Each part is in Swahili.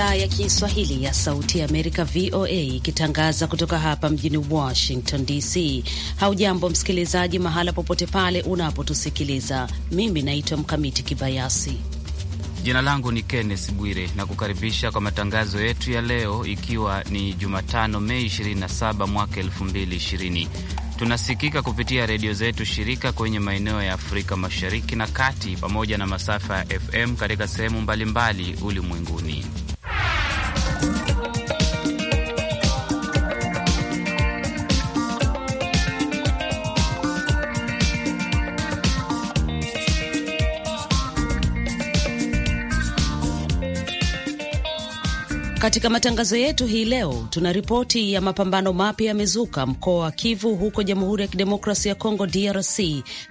idhaa ya Kiswahili ya Sauti ya Amerika, VOA, ikitangaza kutoka hapa mjini Washington DC. Haujambo msikilizaji, mahala popote pale unapotusikiliza. Mimi naitwa Mkamiti Kibayasi. Jina langu ni Kenneth Bwire na kukaribisha kwa matangazo yetu ya leo, ikiwa ni Jumatano Mei 27 mwaka 2020. Tunasikika kupitia redio zetu shirika kwenye maeneo ya Afrika Mashariki na Kati, pamoja na masafa ya FM katika sehemu mbalimbali ulimwenguni. Katika matangazo yetu hii leo tuna ripoti ya mapambano mapya yamezuka mkoa wa Kivu huko Jamhuri ya Kidemokrasia ya Kongo DRC,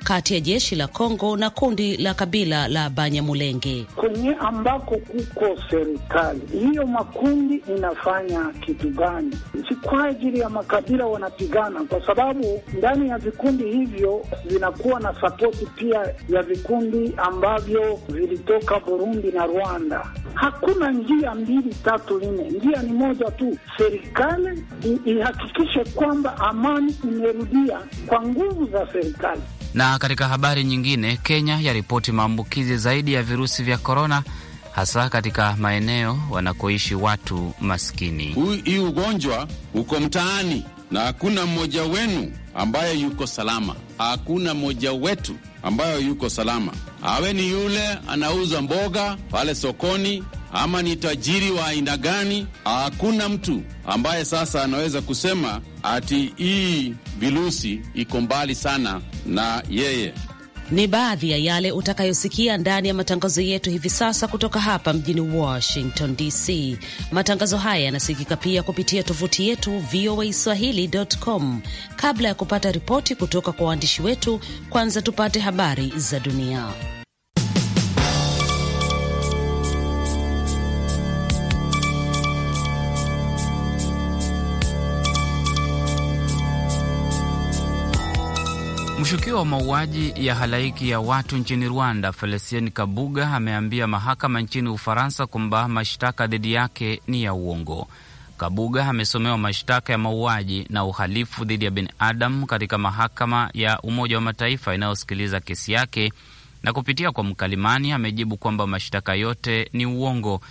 kati ya jeshi la Kongo na kundi la kabila la Banyamulenge kwenye ambako kuko serikali. Hiyo makundi inafanya kitu gani? Si kwa ajili ya makabila wanapigana, kwa sababu ndani ya vikundi hivyo vinakuwa na sapoti pia ya vikundi ambavyo vilitoka Burundi na Rwanda. Hakuna njia mbili tatu lingine. Njia ni moja tu, serikali ihakikishe kwamba amani imerudia kwa nguvu za serikali. Na katika habari nyingine, Kenya yaripoti maambukizi zaidi ya virusi vya korona hasa katika maeneo wanakoishi watu maskini. Hii ugonjwa uko mtaani na hakuna mmoja wenu ambaye yuko salama, hakuna mmoja wetu ambayo yuko salama, awe ni yule anauza mboga pale sokoni, ama ni tajiri wa aina gani, hakuna mtu ambaye sasa anaweza kusema ati hii virusi iko mbali sana na yeye. Ni baadhi ya yale utakayosikia ndani ya matangazo yetu hivi sasa kutoka hapa mjini Washington DC. Matangazo haya yanasikika pia kupitia tovuti yetu VOA Swahili.com. Kabla ya kupata ripoti kutoka kwa waandishi wetu, kwanza tupate habari za dunia. Mshukiwa wa mauaji ya halaiki ya watu nchini Rwanda, Felicien Kabuga ameambia mahakama nchini Ufaransa kwamba mashtaka dhidi yake ni ya uongo. Kabuga amesomewa mashtaka ya mauaji na uhalifu dhidi ya binadamu katika mahakama ya Umoja wa Mataifa inayosikiliza kesi yake, na kupitia kwa mkalimani amejibu kwamba mashtaka yote ni uongo,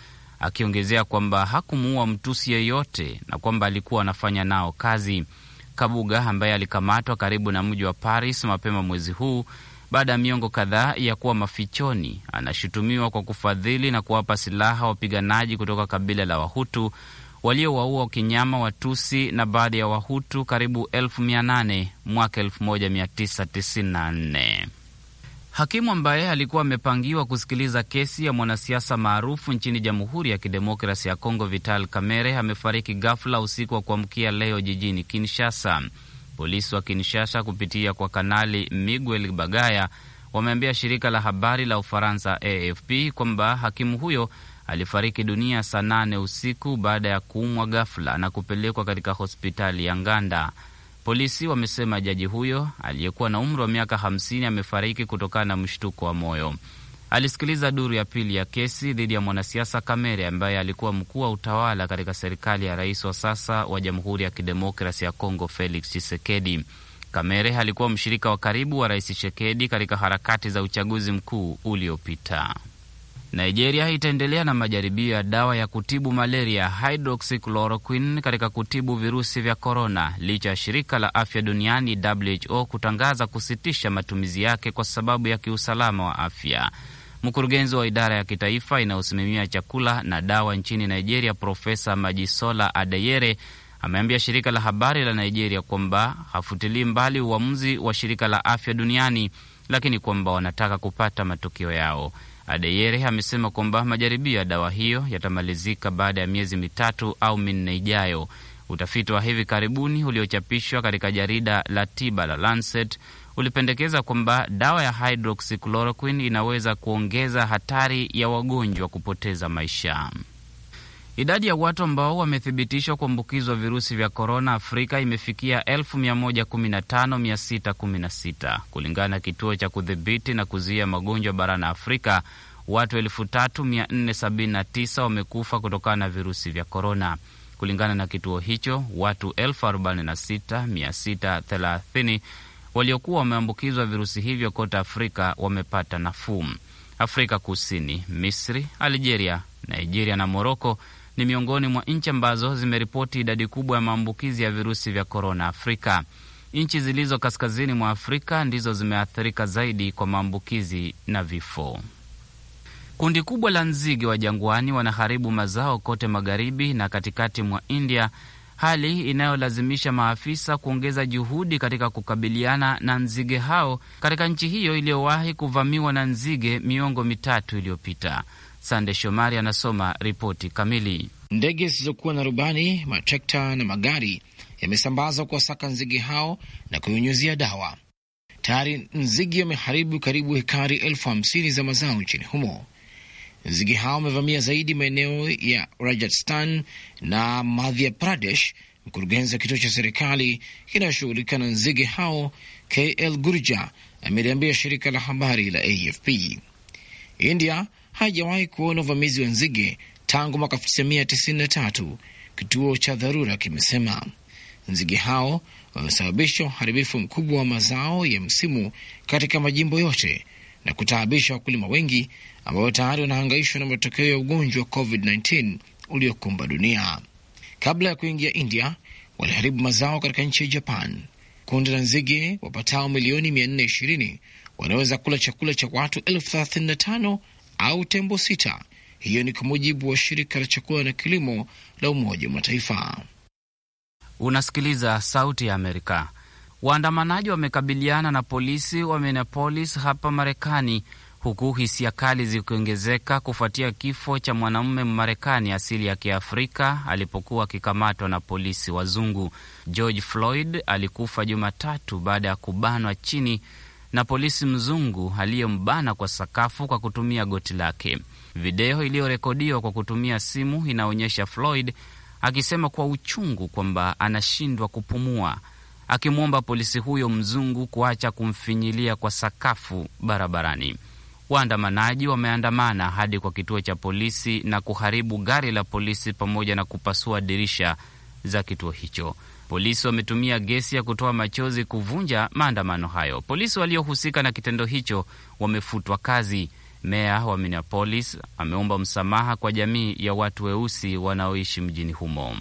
akiongezea kwamba hakumuua mtusi yeyote na kwamba alikuwa anafanya nao kazi. Kabuga ambaye alikamatwa karibu na mji wa Paris mapema mwezi huu baada ya miongo kadhaa ya kuwa mafichoni, anashutumiwa kwa kufadhili na kuwapa silaha wapiganaji kutoka kabila la Wahutu waliowaua kinyama Watusi na baadhi ya Wahutu karibu elfu mia nane mwaka 1994. Hakimu ambaye alikuwa amepangiwa kusikiliza kesi ya mwanasiasa maarufu nchini Jamhuri ya Kidemokrasi ya Kongo, Vital Kamerhe, amefariki ghafla usiku wa kuamkia leo jijini Kinshasa. Polisi wa Kinshasa kupitia kwa Kanali Miguel Bagaya wameambia shirika la habari la Ufaransa AFP kwamba hakimu huyo alifariki dunia saa nane usiku baada ya kuumwa ghafla na kupelekwa katika hospitali ya Nganda. Polisi wamesema jaji huyo aliyekuwa na umri wa miaka 50 amefariki kutokana na mshtuko wa moyo. Alisikiliza duru ya pili ya kesi dhidi ya mwanasiasa Kamere ambaye alikuwa mkuu wa utawala katika serikali ya rais wa sasa wa Jamhuri ya Kidemokrasi ya Kongo, Felix Chisekedi. Kamere alikuwa mshirika wa karibu wa rais Chisekedi katika harakati za uchaguzi mkuu uliopita. Nigeria itaendelea na majaribio ya dawa ya kutibu malaria hydroxychloroquine katika kutibu virusi vya korona licha ya shirika la afya duniani WHO kutangaza kusitisha matumizi yake kwa sababu ya kiusalama wa afya. Mkurugenzi wa idara ya kitaifa inayosimamia chakula na dawa nchini Nigeria, Profesa Majisola Adeyere ameambia shirika la habari la Nigeria kwamba hafutilii mbali uamuzi wa shirika la afya duniani, lakini kwamba wanataka kupata matokeo yao. Adeyere amesema kwamba majaribio ya dawa hiyo yatamalizika baada ya miezi mitatu au minne ijayo. Utafiti wa hivi karibuni uliochapishwa katika jarida la tiba la Lancet ulipendekeza kwamba dawa ya hydroxychloroquine inaweza kuongeza hatari ya wagonjwa kupoteza maisha. Idadi ya watu ambao wamethibitishwa kuambukizwa virusi vya korona Afrika imefikia 115616 kulingana na kituo cha kudhibiti na kuzuia magonjwa barani Afrika. Watu 3479 wamekufa kutokana na virusi vya korona. Kulingana na kituo hicho, watu 46630 waliokuwa wameambukizwa virusi hivyo kote Afrika wamepata nafuu. Afrika Kusini, Misri, Algeria, Nigeria na Moroko ni miongoni mwa nchi ambazo zimeripoti idadi kubwa ya maambukizi ya virusi vya korona Afrika. Nchi zilizo kaskazini mwa Afrika ndizo zimeathirika zaidi kwa maambukizi na vifo. Kundi kubwa la nzige wa jangwani wanaharibu mazao kote magharibi na katikati mwa India, hali inayolazimisha maafisa kuongeza juhudi katika kukabiliana na nzige hao katika nchi hiyo iliyowahi kuvamiwa na nzige miongo mitatu iliyopita. Sande Shomari anasoma ripoti kamili. Ndege zilizokuwa na rubani, matrekta na magari yamesambazwa kuwasaka nzige hao na kuyunyuzia dawa. Tayari nzige wameharibu karibu hekari elfu hamsini za mazao nchini humo. Nzige hao wamevamia zaidi maeneo ya Rajasthan na Madhya Pradesh. Mkurugenzi wa kituo cha serikali kinayoshughulika na nzige hao KL Gurja ameliambia shirika la habari la AFP. India haijawahi kuona uvamizi wa nzige tangu mwaka 1993 kituo cha dharura kimesema. Nzige hao wamesababisha uharibifu mkubwa wa mazao ya msimu katika majimbo yote na kutaabisha wakulima wengi ambao tayari wanahangaishwa na matokeo ya ugonjwa wa COVID-19 uliokumba dunia. Kabla ya kuingia India, waliharibu mazao katika nchi ya Japan. Kundi la nzige wapatao milioni 420 wanaweza kula chakula cha watu elfu au tembo sita. Hiyo ni kwa mujibu wa shirika la chakula na kilimo la Umoja wa Mataifa. Unasikiliza Sauti ya Amerika. Waandamanaji wamekabiliana na polisi wa Minneapolis hapa Marekani, huku hisia kali zikiongezeka kufuatia kifo cha mwanamume Mmarekani asili ya Kiafrika alipokuwa akikamatwa na polisi wazungu. George Floyd alikufa Jumatatu baada ya kubanwa chini na polisi mzungu aliyembana kwa sakafu kwa kutumia goti lake. Video iliyorekodiwa kwa kutumia simu inaonyesha Floyd akisema kwa uchungu kwamba anashindwa kupumua, akimwomba polisi huyo mzungu kuacha kumfinyilia kwa sakafu barabarani. Waandamanaji wameandamana hadi kwa kituo cha polisi na kuharibu gari la polisi pamoja na kupasua dirisha za kituo hicho. Polisi wametumia gesi ya kutoa machozi kuvunja maandamano hayo. Polisi waliohusika na kitendo hicho wamefutwa kazi. Meya wa Minneapolis ameomba msamaha kwa jamii ya watu weusi wanaoishi mjini humo.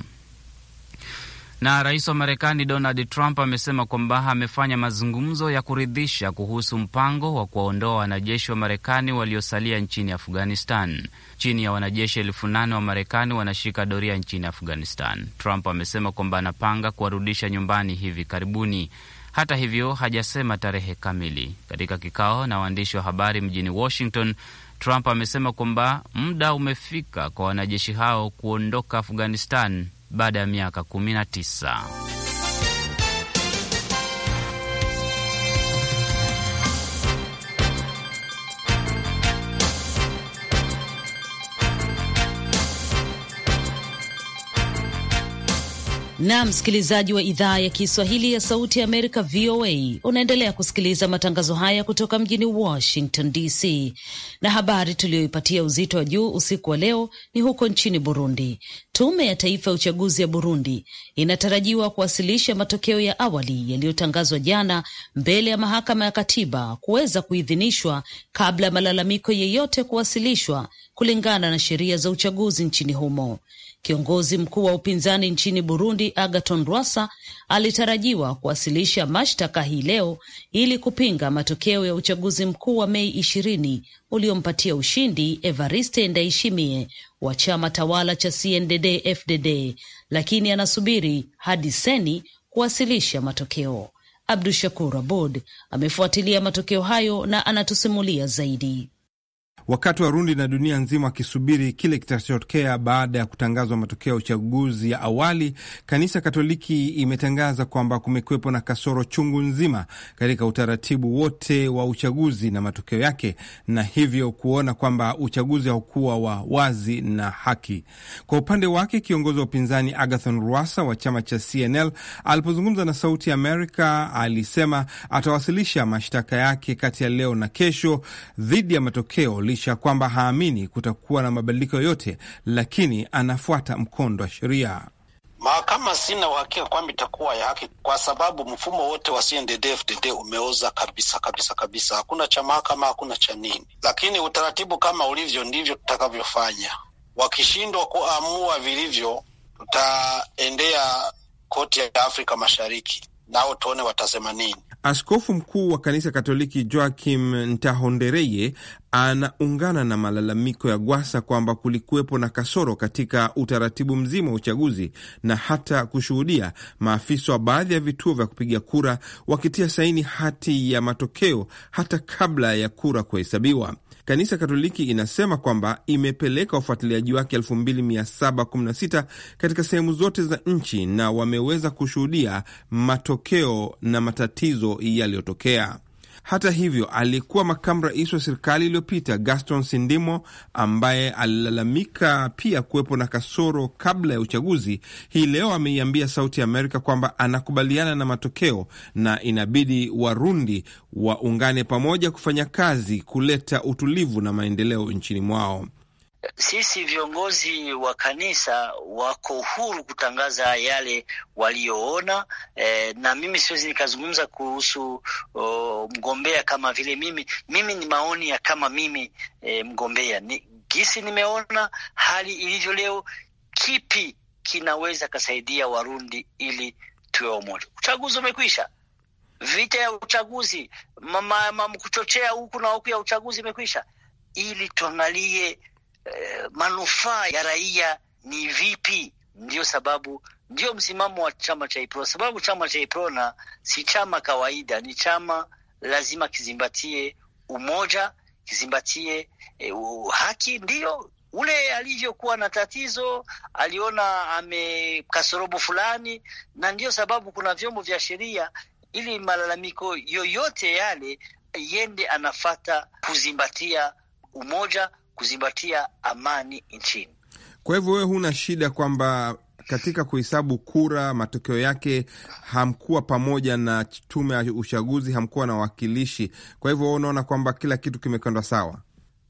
Na rais wa Marekani Donald Trump amesema kwamba amefanya mazungumzo ya kuridhisha kuhusu mpango wa kuwaondoa wanajeshi wa Marekani waliosalia nchini Afghanistan. Chini ya wanajeshi elfu nane wa Marekani wanashika doria nchini Afghanistan. Trump amesema kwamba anapanga kuwarudisha nyumbani hivi karibuni. Hata hivyo hajasema tarehe kamili. Katika kikao na waandishi wa habari mjini Washington, Trump amesema kwamba muda umefika kwa wanajeshi hao kuondoka Afghanistan baada ya miaka 19. na msikilizaji wa idhaa ya Kiswahili ya Sauti ya Amerika, VOA. Unaendelea kusikiliza matangazo haya kutoka mjini Washington DC, na habari tuliyoipatia uzito wa juu usiku wa leo ni huko nchini Burundi. Tume ya Taifa ya Uchaguzi ya Burundi inatarajiwa kuwasilisha matokeo ya awali yaliyotangazwa jana mbele ya mahakama ya katiba kuweza kuidhinishwa kabla ya malalamiko yeyote kuwasilishwa kulingana na sheria za uchaguzi nchini humo. Kiongozi mkuu wa upinzani nchini Burundi, agaton Rwasa, alitarajiwa kuwasilisha mashtaka hii leo ili kupinga matokeo ya uchaguzi mkuu wa Mei ishirini uliompatia ushindi Evariste Ndayishimiye wa chama tawala cha CNDD-FDD, lakini anasubiri hadi Seni kuwasilisha matokeo. Abdu Shakur Abud amefuatilia matokeo hayo na anatusimulia zaidi wakati Warundi na dunia nzima wakisubiri kile kitachotokea baada ya kutangazwa matokeo ya uchaguzi ya awali, kanisa Katoliki imetangaza kwamba kumekuwepo na kasoro chungu nzima katika utaratibu wote wa uchaguzi na matokeo yake, na hivyo kuona kwamba uchaguzi haukuwa wa wazi na haki. Kwa upande wake, kiongozi wa upinzani Agathon Rwasa wa chama cha CNL alipozungumza na Sauti Amerika alisema atawasilisha mashtaka yake kati ya leo na kesho dhidi ya matokeo licha ya kwamba haamini kutakuwa na mabadiliko yoyote, lakini anafuata mkondo wa sheria. Mahakama sina uhakika kwamba itakuwa ya haki, kwa sababu mfumo wote wa CNDD-FDD umeoza kabisa kabisa kabisa. Hakuna cha mahakama, hakuna cha nini, lakini utaratibu kama ulivyo ndivyo tutakavyofanya. Wakishindwa kuamua vilivyo, tutaendea koti ya Afrika Mashariki, nao tuone watasema nini. Askofu mkuu wa kanisa Katoliki Joakim Ntahondereye anaungana na malalamiko ya Gwasa kwamba kulikuwepo na kasoro katika utaratibu mzima wa uchaguzi na hata kushuhudia maafisa wa baadhi ya vituo vya kupiga kura wakitia saini hati ya matokeo hata kabla ya kura kuhesabiwa. Kanisa Katoliki inasema kwamba imepeleka ufuatiliaji wake 2716 katika sehemu zote za nchi na wameweza kushuhudia matokeo na matatizo yaliyotokea. Hata hivyo, alikuwa makamu rais wa serikali iliyopita Gaston Sindimo, ambaye alilalamika pia kuwepo na kasoro kabla ya uchaguzi, hii leo ameiambia Sauti ya Amerika kwamba anakubaliana na matokeo na inabidi Warundi waungane pamoja kufanya kazi kuleta utulivu na maendeleo nchini mwao sisi viongozi wa kanisa wako huru kutangaza yale walioona E, na mimi siwezi nikazungumza kuhusu o, mgombea kama vile mimi mimi ni maoni ya kama mimi e, mgombea ni, gisi nimeona hali ilivyo leo, kipi kinaweza kasaidia Warundi ili tuwe wamoja. Uchaguzi umekwisha, vita ya uchaguzi mama, mama, kuchochea huku na huku ya uchaguzi imekwisha, ili tuangalie Eh, manufaa ya raia ni vipi? ndio sababu ndio msimamo wa chama cha IPRO, sababu chama cha IPRONA si chama kawaida, ni chama lazima kizimbatie umoja, kizimbatie e, eh, haki. ndio ule alivyokuwa na tatizo aliona amekasorobu fulani, na ndio sababu kuna vyombo vya sheria ili malalamiko yoyote yale yende anafata kuzimbatia umoja kuzibatia amani nchini. Kwa hivyo wewe huna shida kwamba katika kuhesabu kura matokeo yake hamkuwa pamoja na tume ya uchaguzi, hamkuwa na wakilishi Kwa hivyo unaona kwamba kila kitu kimekwenda sawa?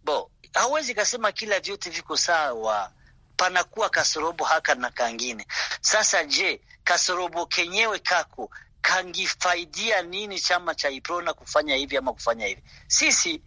Bo, hauwezi kasema kila vyote viko sawa, panakuwa kasorobo haka na kangine. Sasa je, kasorobo kenyewe kako kangifaidia nini chama cha Iprona kufanya hivi ama kufanya hivi? Sisi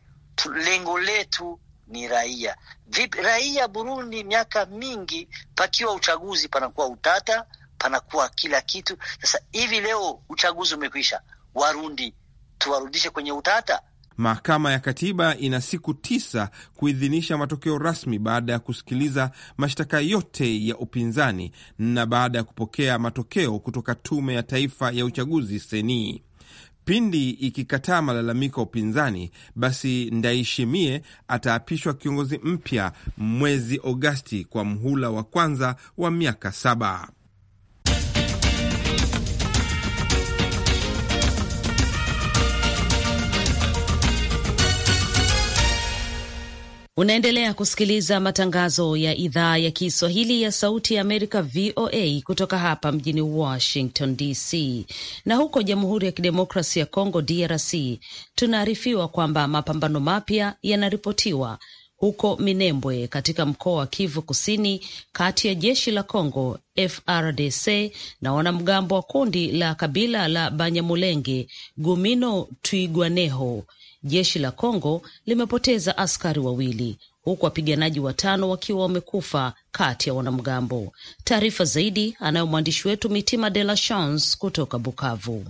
lengo letu ni raia. Vipi raia Burundi? Miaka mingi pakiwa uchaguzi panakuwa utata, panakuwa kila kitu. Sasa hivi leo uchaguzi umekwisha, Warundi tuwarudishe kwenye utata? Mahakama ya Katiba ina siku tisa kuidhinisha matokeo rasmi baada ya kusikiliza mashtaka yote ya upinzani na baada ya kupokea matokeo kutoka Tume ya Taifa ya Uchaguzi, Senii. Pindi ikikataa malalamiko ya upinzani, basi Ndaishimie ataapishwa kiongozi mpya mwezi Agosti kwa mhula wa kwanza wa miaka saba. Unaendelea kusikiliza matangazo ya idhaa ya Kiswahili ya Sauti ya Amerika, VOA, kutoka hapa mjini Washington DC. Na huko Jamhuri ya Kidemokrasi ya congo DRC, tunaarifiwa kwamba mapambano mapya yanaripotiwa huko Minembwe katika mkoa wa Kivu Kusini kati ya jeshi la congo FRDC na wanamgambo wa kundi la kabila la Banyamulenge Gumino Twigwaneho. Jeshi la congo limepoteza askari wawili huku wapiganaji watano wakiwa wamekufa kati ya wanamgambo. Taarifa zaidi anayo mwandishi wetu Mitima De La Chance kutoka Bukavu.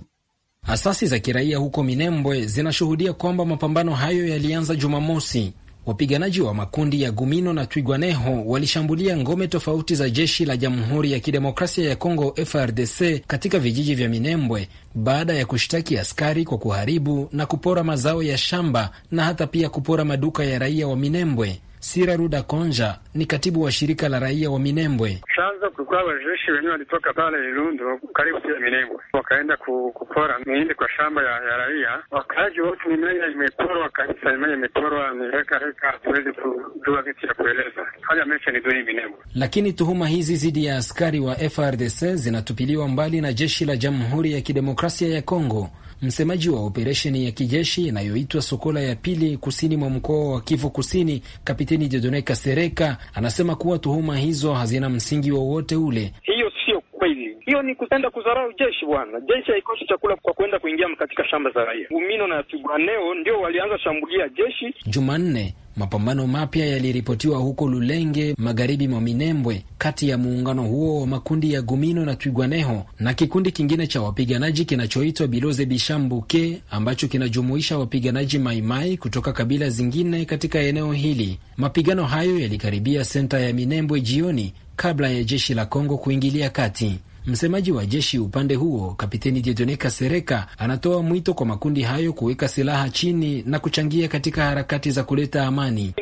Asasi za kiraia huko Minembwe zinashuhudia kwamba mapambano hayo yalianza Jumamosi Wapiganaji wa makundi ya Gumino na Twigwaneho walishambulia ngome tofauti za jeshi la Jamhuri ya Kidemokrasia ya Kongo FRDC katika vijiji vya Minembwe baada ya kushtaki askari kwa kuharibu na kupora mazao ya shamba na hata pia kupora maduka ya raia wa Minembwe. Sira Ruda Konja ni katibu wa shirika la raia wa Minembwe. Chanzo kulikuwa wajeshi wenyewe walitoka pale Irundo karibu ya Minembwe, wakaenda kupora miindi kwa shamba ya, ya raia. Wakaaji wote mimea imeporwa kabisa, mimea imeporwa ni heka heka, hatuwezi kujua kitu ya kueleza. haya mesha ni duni Minembwe. Lakini tuhuma hizi dhidi ya askari wa FRDC zinatupiliwa mbali na jeshi la Jamhuri ya Kidemokrasia ya Kongo. Msemaji wa operesheni ya kijeshi inayoitwa Sokola ya pili kusini mwa mkoa wa Kivu Kusini, kapitani Kapteni Jedone Kasereka anasema kuwa tuhuma hizo hazina msingi wowote ule. Hiyo sio kweli, hiyo ni kutenda kudharau jeshi. Bwana jeshi haikosi chakula kwa kuenda kuingia katika shamba za raia. umino na Tuganeo ndio walianza shambulia jeshi Jumanne. Mapambano mapya yaliripotiwa huko Lulenge, magharibi mwa Minembwe, kati ya muungano huo wa makundi ya Gumino na Twigwaneho na kikundi kingine cha wapiganaji kinachoitwa Biloze Bishambuke, ambacho kinajumuisha wapiganaji Maimai kutoka kabila zingine katika eneo hili. Mapigano hayo yalikaribia senta ya Minembwe jioni kabla ya jeshi la Kongo kuingilia kati. Msemaji wa jeshi upande huo, Kapiteni Jedone Kasereka, anatoa mwito kwa makundi hayo kuweka silaha chini na kuchangia katika harakati za kuleta amani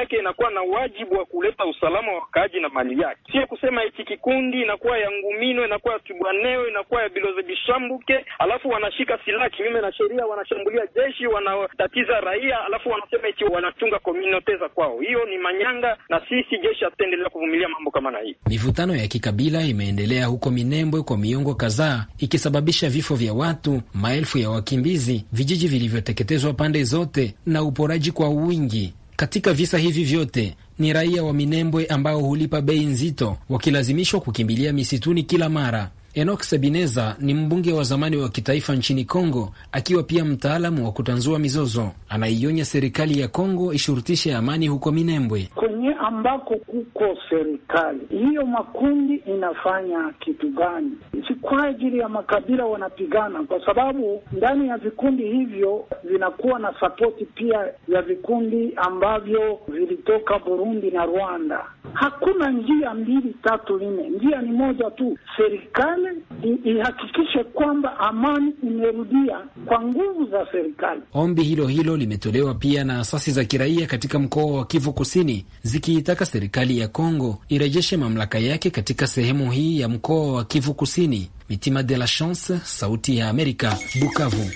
yake inakuwa na wajibu wa kuleta usalama wa wakaaji na mali yake, sio kusema hichi kikundi inakuwa ya Ngumino, inakuwa ya Tibwaneo, inakuwa ya Biloze Bishambuke, alafu wanashika silaha kinyume na sheria, wanashambulia jeshi, wanatatiza raia, alafu wanasema hichi wanachunga komunote za kwao. Hiyo ni manyanga, na sisi jeshi hatutaendelea kuvumilia mambo kama na hii. Mivutano ya kikabila imeendelea huko Minembwe kwa miongo kadhaa, ikisababisha vifo vya watu, maelfu ya wakimbizi, vijiji vilivyoteketezwa pande zote na uporaji kwa wingi. Katika visa hivi vyote ni raia wa Minembwe ambao hulipa bei nzito wakilazimishwa kukimbilia misituni kila mara Enok Sebineza ni mbunge wa zamani wa kitaifa nchini Kongo, akiwa pia mtaalamu wa kutanzua mizozo. Anaionya serikali ya Kongo ishurutishe amani huko Minembwe, kwenye ambako kuko serikali hiyo. Makundi inafanya kitu gani? Si kwa ajili ya makabila wanapigana, kwa sababu ndani ya vikundi hivyo vinakuwa na sapoti pia ya vikundi ambavyo vilitoka Burundi na Rwanda. Hakuna njia mbili tatu nne, njia ni moja tu, serikali serikali ihakikishe kwamba amani imerudia kwa nguvu za serikali. Ombi hilo hilo limetolewa pia na asasi za kiraia katika mkoa wa Kivu Kusini zikiitaka serikali ya Kongo irejeshe mamlaka yake katika sehemu hii ya mkoa wa Kivu Kusini. Mitima de la Chance, Sauti ya Amerika, Bukavu.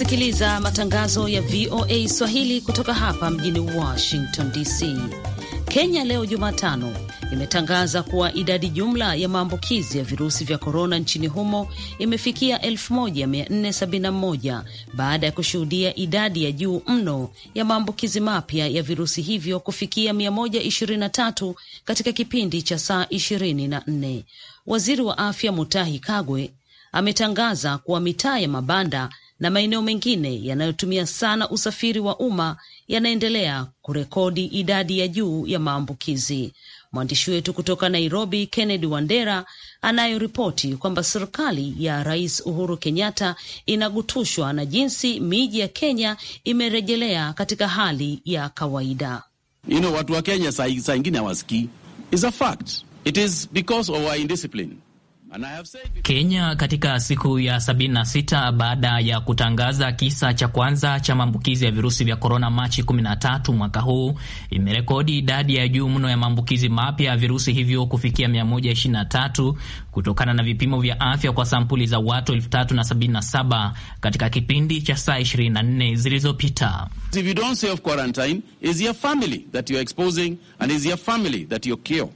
unasikiliza matangazo ya VOA Swahili kutoka hapa mjini Washington DC. Kenya leo Jumatano imetangaza kuwa idadi jumla ya maambukizi ya virusi vya korona nchini humo imefikia 1471 baada ya kushuhudia idadi ya juu mno ya maambukizi mapya ya virusi hivyo kufikia 123 katika kipindi cha saa 24. Waziri wa afya Mutahi Kagwe ametangaza kuwa mitaa ya mabanda na maeneo mengine yanayotumia sana usafiri wa umma yanaendelea kurekodi idadi ya juu ya maambukizi. Mwandishi wetu kutoka Nairobi, Kennedy Wandera, anayoripoti kwamba serikali ya Rais Uhuru Kenyatta inagutushwa na jinsi miji ya Kenya imerejelea katika hali ya kawaida. You know, watu wa Kenya saa ingine hawasikii. It is because of our indiscipline. Kenya katika siku ya 76 baada ya kutangaza kisa cha kwanza cha maambukizi ya virusi vya korona Machi 13 mwaka huu, imerekodi idadi ya juu mno ya maambukizi mapya ya virusi hivyo kufikia 123 kutokana na vipimo vya afya kwa sampuli za watu 377 katika kipindi cha saa 24 zilizopita.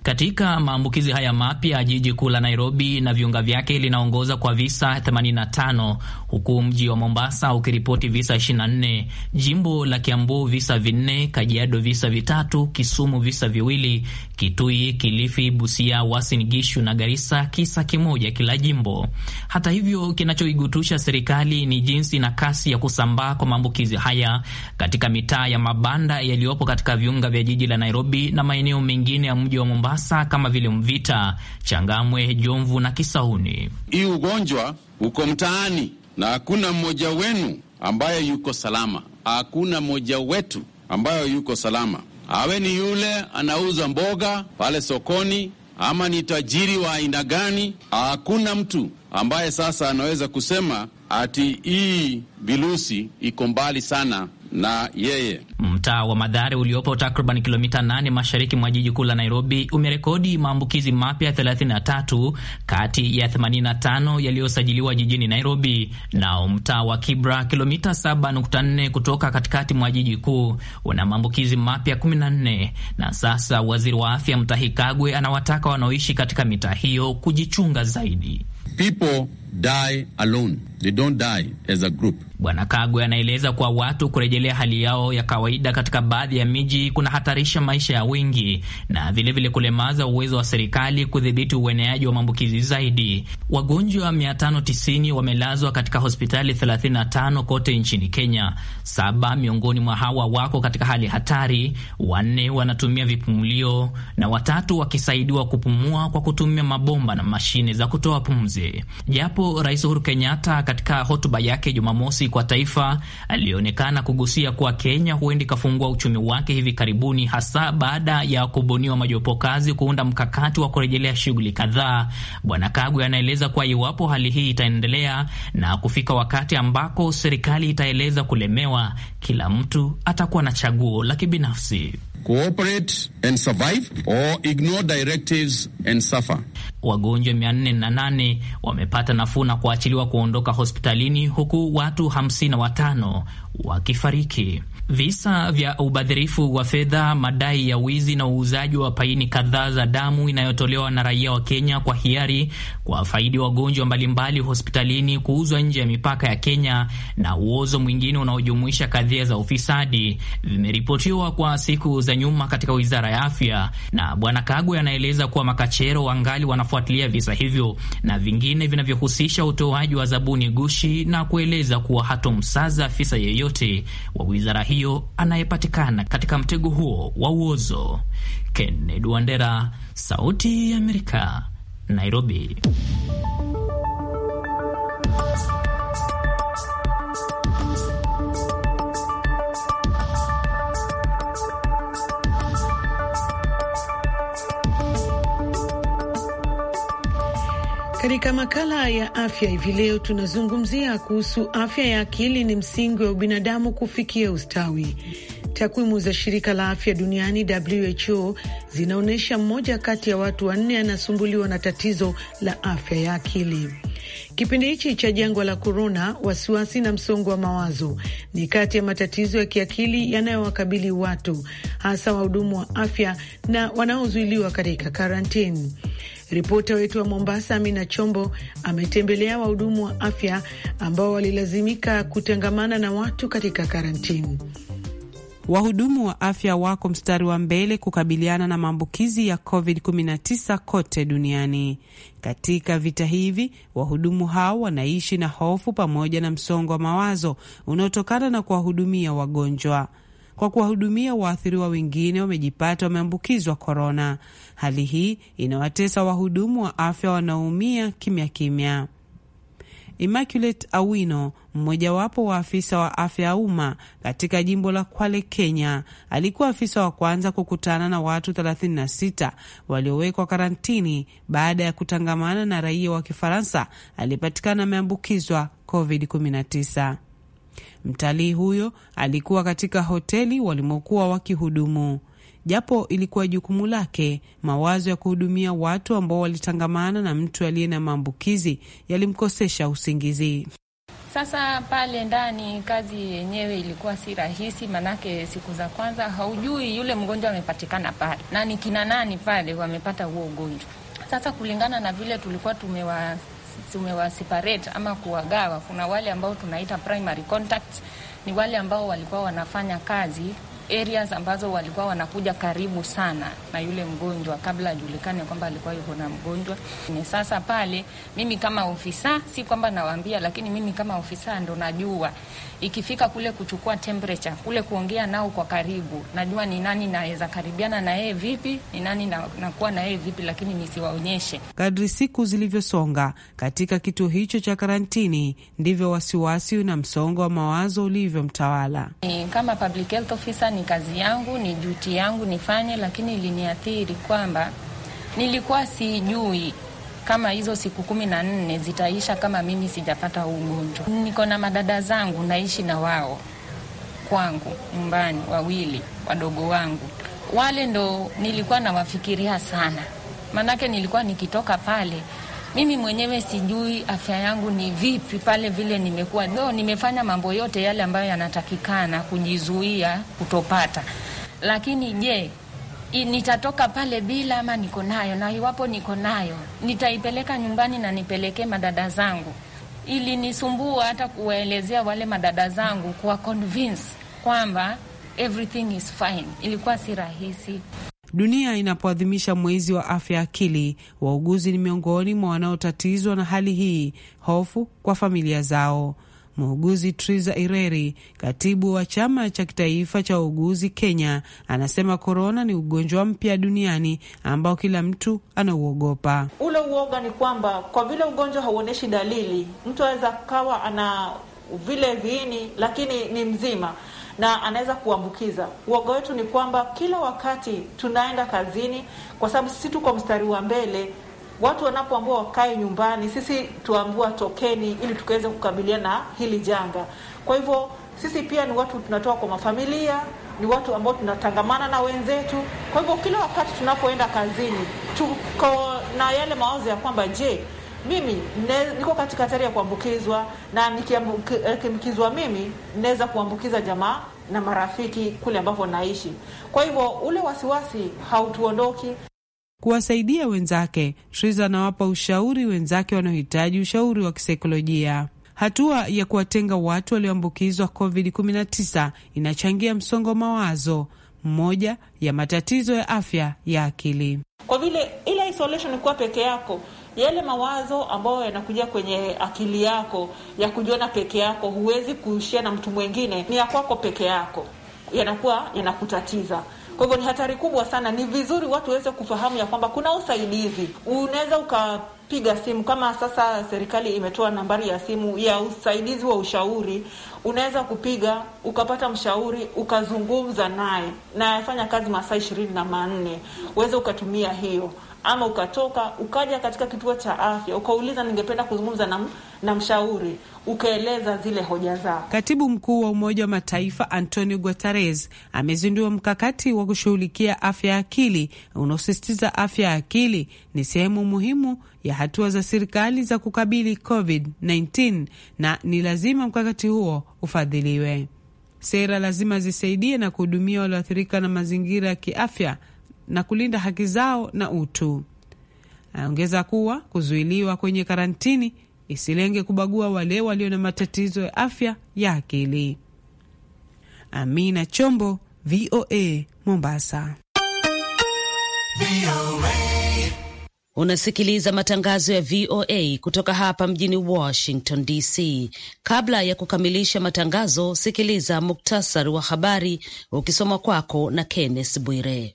Katika maambukizi haya mapya, jiji kuu la Nairobi na viunga vyake linaongoza kwa visa 85 huku mji wa Mombasa ukiripoti visa 24, jimbo la Kiambu visa vinne, Kajiado visa vitatu, Kisumu visa viwili, Kitui, Kilifi, Busia, Uasin Gishu na Garissa kisa kimoja kila jimbo. Hata hivyo, kinachoigutusha serikali ni jinsi na kasi ya kusambaa kwa maambukizi haya katika mitaa ya mabanda yaliyopo katika viunga vya jiji la Nairobi na maeneo mengine ya mji wa Mombasa kama vile Mvita, Changamwe, Jomvu na Kisauni. Hii ugonjwa uko mtaani na hakuna mmoja wenu ambaye yuko salama, hakuna mmoja wetu ambayo yuko salama, awe ni yule anauza mboga pale sokoni ama ni tajiri wa aina gani, hakuna mtu ambaye sasa anaweza kusema ati hii virusi iko mbali sana na yeye. Mtaa wa Madhare uliopo takriban kilomita 8 mashariki mwa jiji kuu la Nairobi umerekodi maambukizi mapya 33 kati ya 85 yaliyosajiliwa jijini Nairobi. Nao mtaa wa Kibra, kilomita 7.4 kutoka katikati mwa jiji kuu, una maambukizi mapya 14, na sasa waziri wa afya mtahikagwe Kagwe anawataka wanaoishi katika mitaa hiyo kujichunga zaidi People die alone. They don't die as a group. Bwana Kagwe anaeleza kuwa watu kurejelea hali yao ya kawaida katika baadhi ya miji kunahatarisha maisha ya wengi na vilevile vile kulemaza uwezo wa serikali kudhibiti ueneaji wa maambukizi zaidi. Wagonjwa 590 wamelazwa katika hospitali 35 kote nchini Kenya. Saba miongoni mwa hawa wako katika hali hatari, wanne wanatumia vipumulio na watatu wakisaidiwa kupumua kwa kutumia mabomba na mashine za kutoa pumzi, japo ambapo Rais Uhuru Kenyatta katika hotuba yake Jumamosi kwa taifa alionekana kugusia kuwa Kenya huenda ikafungua uchumi wake hivi karibuni, hasa baada ya kubuniwa majopo kazi kuunda mkakati wa kurejelea shughuli kadhaa. Bwana Kagwe anaeleza kuwa iwapo hali hii itaendelea na kufika wakati ambako serikali itaeleza kulemewa, kila mtu atakuwa na chaguo la kibinafsi. Cooperate and survive or ignore directives and suffer. Wagonjwa 408 wamepata nafuu nafuu na kuachiliwa kuondoka hospitalini huku watu 55 wakifariki. Visa vya ubadhirifu wa fedha, madai ya wizi na uuzaji wa paini kadhaa za damu inayotolewa na raia wa Kenya kwa hiari kwa faidi wagonjwa mbalimbali hospitalini, kuuzwa nje ya mipaka ya Kenya na uozo mwingine unaojumuisha kadhia za ufisadi vimeripotiwa kwa siku za nyuma katika wizara ya afya, na Bwana Kagwe anaeleza kuwa makachero wangali wanafuatilia visa hivyo na vingine vinavyohusisha utoaji wa zabuni gushi, na kueleza kuwa hatomsaza afisa yeyote wa wizara hiyo anayepatikana katika mtego huo wa uozo. Kennedy Wandera, Sauti ya Amerika, Nairobi. Katika makala ya afya hivi leo tunazungumzia kuhusu afya ya akili ni msingi wa ubinadamu kufikia ustawi. Takwimu za shirika la afya duniani WHO zinaonyesha mmoja kati ya watu wanne anasumbuliwa na tatizo la afya ya akili. Kipindi hichi cha jangwa la korona, wasiwasi na msongo wa mawazo ni kati ya matatizo ya kiakili yanayowakabili watu, hasa wahudumu wa afya na wanaozuiliwa katika karantini. Ripota wetu wa Mombasa, Amina Chombo, ametembelea wahudumu wa afya ambao walilazimika kutangamana na watu katika karantini. Wahudumu wa afya wako mstari wa mbele kukabiliana na maambukizi ya COVID-19 kote duniani. Katika vita hivi, wahudumu hao wanaishi na hofu pamoja na msongo wa mawazo unaotokana na kuwahudumia wagonjwa kwa kuwahudumia waathiriwa wengine wamejipata wameambukizwa korona. Hali hii inawatesa wahudumu wa afya wanaoumia kimya kimya. Immaculate Awino, mmojawapo wa afisa wa afya ya umma katika jimbo la Kwale, Kenya, alikuwa afisa wa kwanza kukutana na watu 36 waliowekwa karantini baada ya kutangamana na raia wa Kifaransa aliyepatikana ameambukizwa COVID-19. Mtalii huyo alikuwa katika hoteli walimokuwa wakihudumu. Japo ilikuwa jukumu lake, mawazo ya kuhudumia watu ambao walitangamana na mtu aliye na maambukizi yalimkosesha usingizi. Sasa pale ndani kazi yenyewe ilikuwa si rahisi, manake siku za kwanza haujui yule mgonjwa amepatikana pale na ni kina nani pale wamepata huo ugonjwa. Sasa kulingana na vile tulikuwa tumewa umewaseparate ama kuwagawa. Kuna wale ambao tunaita primary contacts, ni wale ambao walikuwa wanafanya kazi areas ambazo walikuwa wanakuja karibu sana na yule mgonjwa, kabla ajulikane kwamba alikuwa yuko na mgonjwa. Ni sasa pale, mimi kama ofisa, si kwamba nawaambia, lakini mimi kama ofisa ndo najua ikifika kule kuchukua temperature, kule kuongea nao kwa karibu, najua ni nani naweza karibiana na yeye vipi, ni nani nakuwa na yeye vipi, lakini nisiwaonyeshe. Kadri siku zilivyosonga katika kituo hicho cha karantini, ndivyo wasiwasi na msongo wa mawazo ulivyomtawala. kama public health officer ni kazi yangu, ni duty yangu nifanye, lakini iliniathiri kwamba nilikuwa sijui kama hizo siku kumi na nne zitaisha kama mimi sijapata huu ugonjwa. Niko na madada zangu naishi na wao kwangu nyumbani, wawili wadogo wangu wale ndo nilikuwa nawafikiria sana, maanake nilikuwa nikitoka pale mimi mwenyewe sijui afya yangu ni vipi pale vile nimekuwa do, nimefanya mambo yote yale ambayo yanatakikana kujizuia kutopata, lakini je, nitatoka pale bila ama niko nayo? Na iwapo niko nayo, nitaipeleka nyumbani na nipelekee madada zangu? ili nisumbua hata kuwaelezea wale madada zangu, kuwa convince kwamba everything is fine. Ilikuwa si rahisi. Dunia inapoadhimisha mwezi wa afya akili, wauguzi ni miongoni mwa wanaotatizwa na hali hii, hofu kwa familia zao. Muuguzi Triza Ireri, katibu wa chama cha kitaifa cha uuguzi Kenya, anasema korona ni ugonjwa mpya duniani ambao kila mtu anauogopa. Ule uoga ni kwamba kwa vile ugonjwa hauonyeshi dalili, mtu aweza kawa ana vile viini, lakini ni mzima na anaweza kuambukiza. Uoga wetu ni kwamba kila wakati tunaenda kazini, kwa sababu sisi tuko mstari wa mbele watu wanapoambua wakae nyumbani, sisi tuambua tokeni, ili tukaweze kukabiliana na hili janga. Kwa hivyo sisi pia ni watu tunatoka kwa mafamilia, ni watu ambao tunatangamana na wenzetu. Kwa hivyo kila wakati tunapoenda kazini, tuko na yale mawazo ya kwamba je, mimi niko katika hatari ya kuambukizwa, na nikiambukizwa eh, mimi naweza kuambukiza jamaa na marafiki kule ambapo naishi. Kwa hivyo ule wasiwasi hautuondoki. Kuwasaidia wenzake, Triza anawapa ushauri wenzake wanaohitaji ushauri wa kisaikolojia. Hatua ya kuwatenga watu walioambukizwa COVID-19 inachangia msongo wa mawazo, mmoja ya matatizo ya afya ya akili. Kwa vile ile isolation, kuwa peke yako yale mawazo ambayo yanakuja kwenye akili yako ya kujiona peke yako, huwezi kuishia na mtu mwingine, ni ya kwako peke yako, yanakuwa yanakutatiza. Kwa hivyo ni hatari kubwa sana. Ni vizuri watu waweze kufahamu ya kwamba kuna usaidizi, unaweza ukapiga simu. Kama sasa serikali imetoa nambari ya simu ya usaidizi wa ushauri, unaweza kupiga ukapata mshauri ukazungumza naye, na yafanya kazi masaa ishirini na manne, uweze ukatumia hiyo ama ukatoka ukaja katika kituo cha afya ukauliza, ningependa kuzungumza na, na mshauri, ukaeleza zile hoja zao. Katibu mkuu wa Umoja wa Mataifa Antonio Guterres amezindua mkakati wa kushughulikia afya ya akili unaosisitiza afya ya akili ni sehemu muhimu ya hatua za serikali za kukabili COVID-19 na ni lazima mkakati huo ufadhiliwe. Sera lazima zisaidie na kuhudumia walioathirika na mazingira ya kiafya na kulinda haki zao na utu. Anaongeza kuwa kuzuiliwa kwenye karantini isilenge kubagua wale walio na matatizo ya afya ya akili. Amina Chombo, VOA, Mombasa. Unasikiliza matangazo ya VOA kutoka hapa mjini Washington DC. Kabla ya kukamilisha matangazo, sikiliza muktasari wa habari ukisoma kwako na Kenneth Bwire.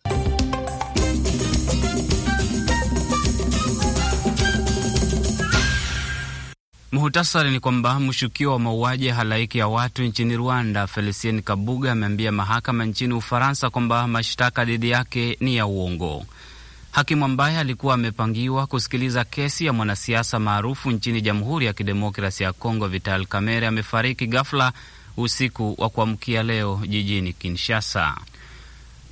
Muhutasari ni kwamba mshukiwa wa mauaji ya halaiki ya watu nchini Rwanda, Felicien Kabuga, ameambia mahakama nchini Ufaransa kwamba mashtaka dhidi yake ni ya uongo. Hakimu ambaye alikuwa amepangiwa kusikiliza kesi ya mwanasiasa maarufu nchini Jamhuri ya Kidemokrasia ya Kongo, Vital Kamerhe, amefariki ghafla usiku wa kuamkia leo jijini Kinshasa.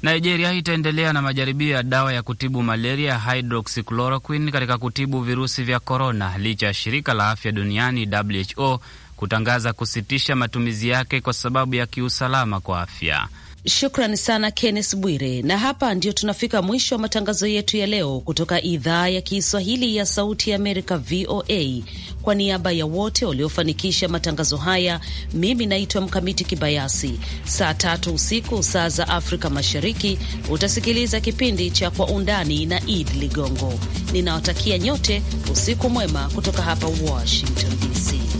Nigeria itaendelea na majaribio ya dawa ya kutibu malaria ya hydroxychloroquine katika kutibu virusi vya korona licha ya shirika la afya duniani WHO kutangaza kusitisha matumizi yake kwa sababu ya kiusalama kwa afya. Shukran sana Kennes Bwire, na hapa ndio tunafika mwisho wa matangazo yetu ya leo kutoka idhaa ya Kiswahili ya Sauti ya Amerika, VOA. Kwa niaba ya wote waliofanikisha matangazo haya, mimi naitwa Mkamiti Kibayasi. Saa tatu usiku saa za Afrika Mashariki utasikiliza kipindi cha Kwa Undani na Id Ligongo. Ninawatakia nyote usiku mwema kutoka hapa Washington DC.